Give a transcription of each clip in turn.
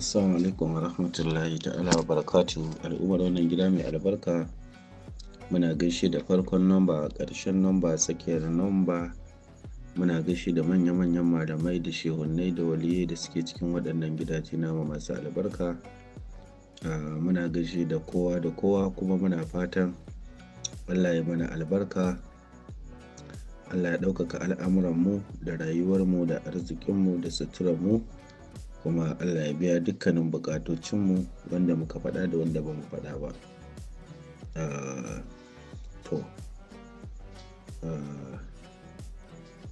Assalamu alaikum wa rahmatullahi ta'ala wa barakatu al'ummar wannan gida mai albarka muna gaishe da farkon nomba ƙarshen nomba tsakiyar nomba muna gaishe da manya-manyan malamai da shehunnai da waliyai da suke cikin waɗannan gidaje namu masu albarka ah, muna gaishe da kowa da kowa kuma muna fatan allah ya mana albarka allah ya ɗaukaka al'amuranmu da rayuwarmu da arzikinmu da mu. kuma allah ya biya dukkanin bukatocinmu wanda muka faɗa da wanda ba mu faɗa ba ah, to ah,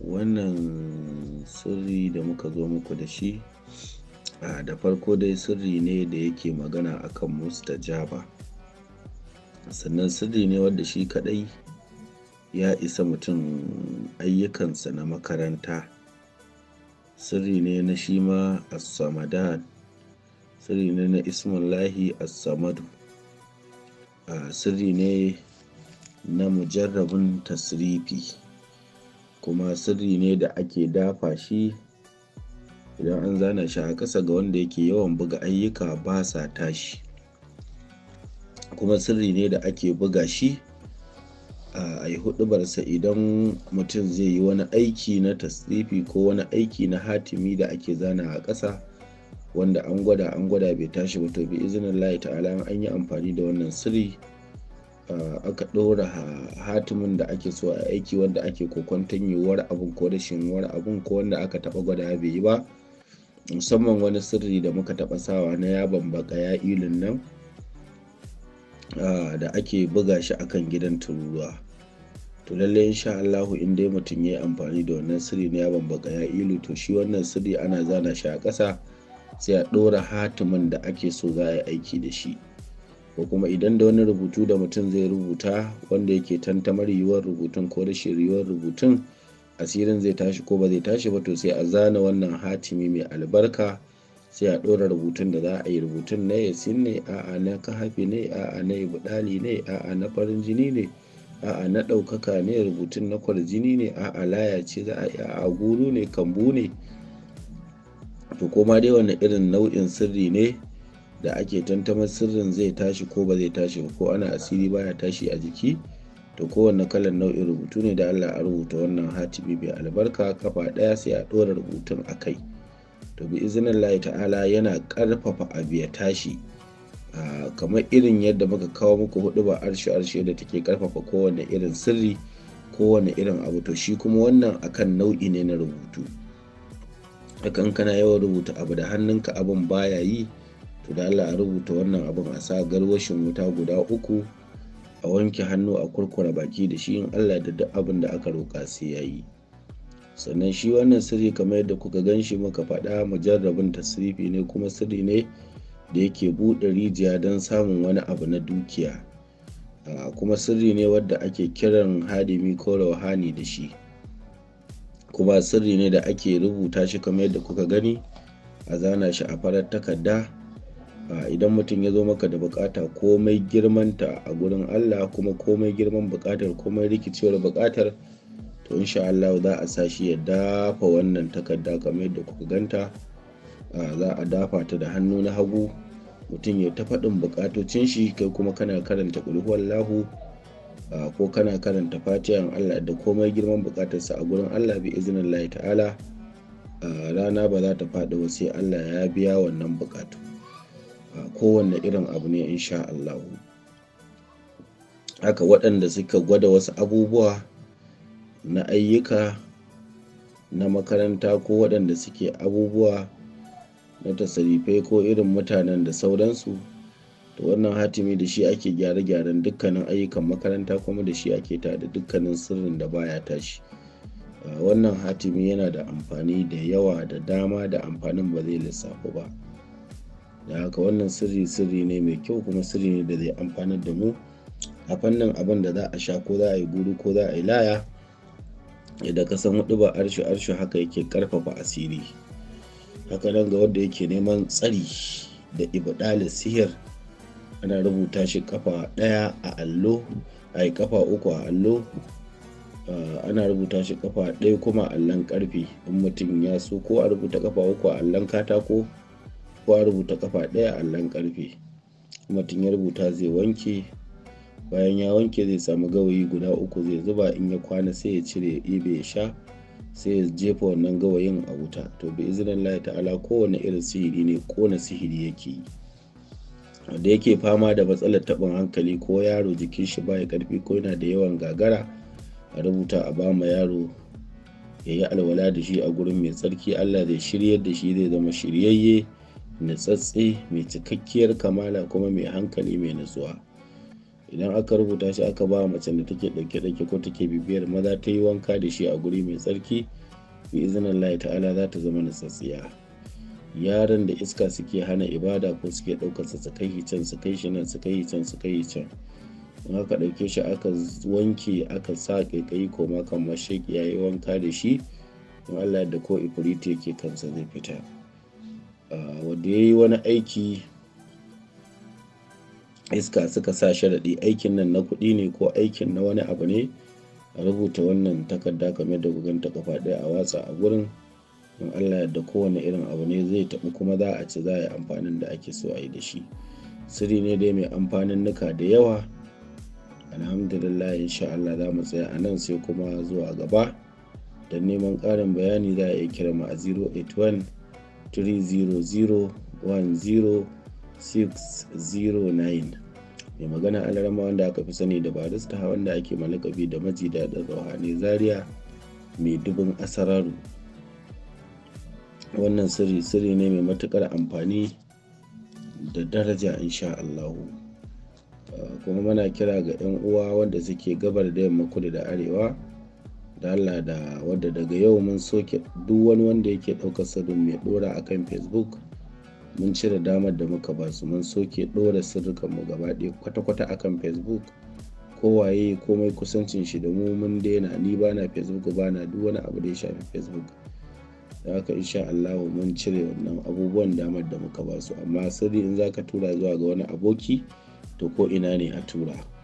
wannan sirri da muka zo muku da shi ah, da farko dai sirri ne da yake magana akan mustajaba sannan sirri ne wanda shi kadai ya isa mutum ayyukansa na makaranta sirri ne na shi ma as-samadan sirri ne na ismullahi as-samadu ah, sirri ne na mujarrabin tasrifi kuma sirri ne da ake dafa shi idan an zana shi a ƙasa ga wanda yake yawan buga ayyuka ba sa tashi kuma sirri ne da ake buga shi a yi hudubarsa idan mutum zai yi wani aiki na tasrifi ko wani aiki na hatimi da ake zana a ƙasa wanda an gwada an gwada bai tashi ba to bi izinin layi alama an yi amfani da wannan sirri aka ɗora hatimin da ake so a aiki wanda ake kokwanton yiwuwar abin ko rashin yiwuwar abin ko wanda aka taɓa gwada bai yi ba musamman wani sirri da muka taɓa sawa na ya bambaka ya ilin nan Ah, da ake buga shi a kan gidan tururuwa to lalle insha Allahu in dai mutum ya yi amfani da wannan sirri na yawon baka ya ilu to shi wannan sirri ana zana shi a ƙasa sai a ɗora hatimin da ake so za a yi aiki da shi ko kuma idan da wani rubutu da mutum zai rubuta wanda yake tantamar yiwuwar rubutun ko rashin yiwuwar rubutun asirin zai tashi ko ba zai tashi ba to sai a zana wannan hatimi mai albarka sai a ɗora rubutun da za a yi rubutun na yasin ne a'a na kahafi ne a'a na ibudali ne a'a na farin jini ne a'a na ɗaukaka ne rubutun na kwarjini ne a'a laya ce za a yi a guru ne kambu ne to koma dai wani irin nau'in sirri ne da ake tantamar sirrin zai tashi ko ba zai tashi ba ko ana asiri baya tashi a jiki to kowanne kalan nau'in rubutu ne da allah a rubuta wannan hatibi bai albarka kafa ɗaya sai a ɗora rubutun a kai to bi izinin ta'ala yana ƙarfafa abu ya tashi kamar irin yadda muka kawo muku hudu ba arshe arshe da take karfafa kowane irin sirri kowane irin abu to shi kuma wannan akan nau'i ne na rubutu akan kankana yawan rubuta abu da hannunka abin baya yi to da Allah a rubuta wannan abin a sa garwashin wuta guda uku a wanke hannu a kurkura baki da shi in Allah da duk abin da aka roƙa sai ya yi. sannan shi wannan sirri kamar yadda kuka gan shi muka faɗa mujarrabin tasrifi ne kuma sirri ne da yake buɗe rijiya don samun wani abu na dukiya kuma sirri ne wadda ake kiran hadimi ko rauhani da shi kuma sirri ne da ake rubuta shi kamar yadda kuka gani a zana shi a farar takarda idan mutum ya zo maka da bukata komai girmanta a gurin allah kuma komai girman bukatar komai rikicewar bukatar to insha Allah za a sashi ya dafa wannan takarda kamar yadda kuka ganta za a dafa ta da hannu na hagu mutum ya ta faɗin bukatocin shi kai kuma kana karanta kulhuwar lahu ko kana karanta fatiyan Allah da komai girman bukatarsa a gurin Allah bi izinin Allah ta'ala rana ba za ta faɗi ba sai Allah ya biya wannan bukatu kowanne irin abu ne insha Allah haka waɗanda suka gwada wasu abubuwa na ayyuka na makaranta ko waɗanda suke abubuwa na tasarifai ko irin mutanen da sauransu to wannan hatimi da shi ake gyare-gyaren dukkanin ayyukan makaranta kuma da shi ake tada dukkanin sirrin da baya tashi wannan hatimi yana da amfani da yawa da dama da amfanin ba zai lissafu ba da haka wannan sirri sirri ne mai kyau kuma sirri ne da zai amfanar da mu a fannin abin da za a sha ko za a yi guru ko za a yi laya yadda ka san hudu ba arshu arshu haka yake karfafa asiri haka nan ga wanda yake neman tsari da ibadalin sihir ana rubuta shi kafa daya a allo a kafa uku a allo ana rubuta shi kafa ɗaya kuma allon karfe in mutum ya so ko a rubuta kafa uku a allon katako ko a rubuta kafa ɗaya a allon karfe mutum ya rubuta zai wanke bayan ya wanke zai samu gawayi guda uku zai zuba in ya kwana sai ya cire ibe ya sha sai ya jefa wannan gawayin a wuta to bi izinin Allah ta'ala kowane irin sihiri ne kona sihiri yake yi da yake fama da matsalar taɓin hankali ko yaro jikin shi baya karfi ko yana da yawan gagara a rubuta a bama yaro ya yi alwala da shi a gurin mai tsarki allah zai shiryar da shi zai zama shiryayye natsatse mai cikakkiyar kamala kuma mai hankali mai natsuwa idan aka rubuta shi aka ba macen da take dauke-dauke ko take bibiyar maza ta yi wanka da shi a guri mai tsarki bi izinin ta'ala za ta zama natsatsiya yaran da iska suke hana ibada ko suke daukar sa su kai can su kai shi nan su kai can su kai can in aka dauke shi aka wanke aka sa kaikayi ko ma kan mashaƙi ya yi wanka da shi in allah da ko ifiriti yake kansa zai fita ah, wanda ya yi wani aiki iska suka sa sharaɗi aikin nan na kuɗi ne ko aikin na wani abu ne a rubuta wannan takarda kamar da guganta kafa ɗaya a watsa a gurin in allah yadda kowane irin abu ne zai taɓi kuma za a ci za a yi amfanin da ake so a yi da shi sirri ne dai mai amfanin nuka da yawa alhamdulillah insha allah za mu tsaya a nan sai kuma zuwa gaba don neman ƙarin bayani za a iya kira mu a 081 300 10 609 mai magana alarama wanda aka fi sani da barista wanda ake malakabi da maji daɗin rauhane zaria mai dubin asararu wannan sirri sirri ne mai matukar amfani da daraja insha Allahu uh, kuma muna kira ga 'yan uwa wanda suke gabar da yamma kudu da arewa da Allah da wadda daga yau mun soke duk wani wanda yake ɗaukar sadun mai ɗora akan facebook mun cire damar da muka ba su mun soke ɗora sirrikanmu gaba ɗaya kwata-kwata akan facebook kowaye komai kusancin shi da mu mun daina ni ba na facebook ba na duk wani abu da ya shafi facebook da haka insha Allah mun cire wannan abubuwan damar da muka ba su amma sirri in za ka tura zuwa ga wani aboki to ko ina ne a tura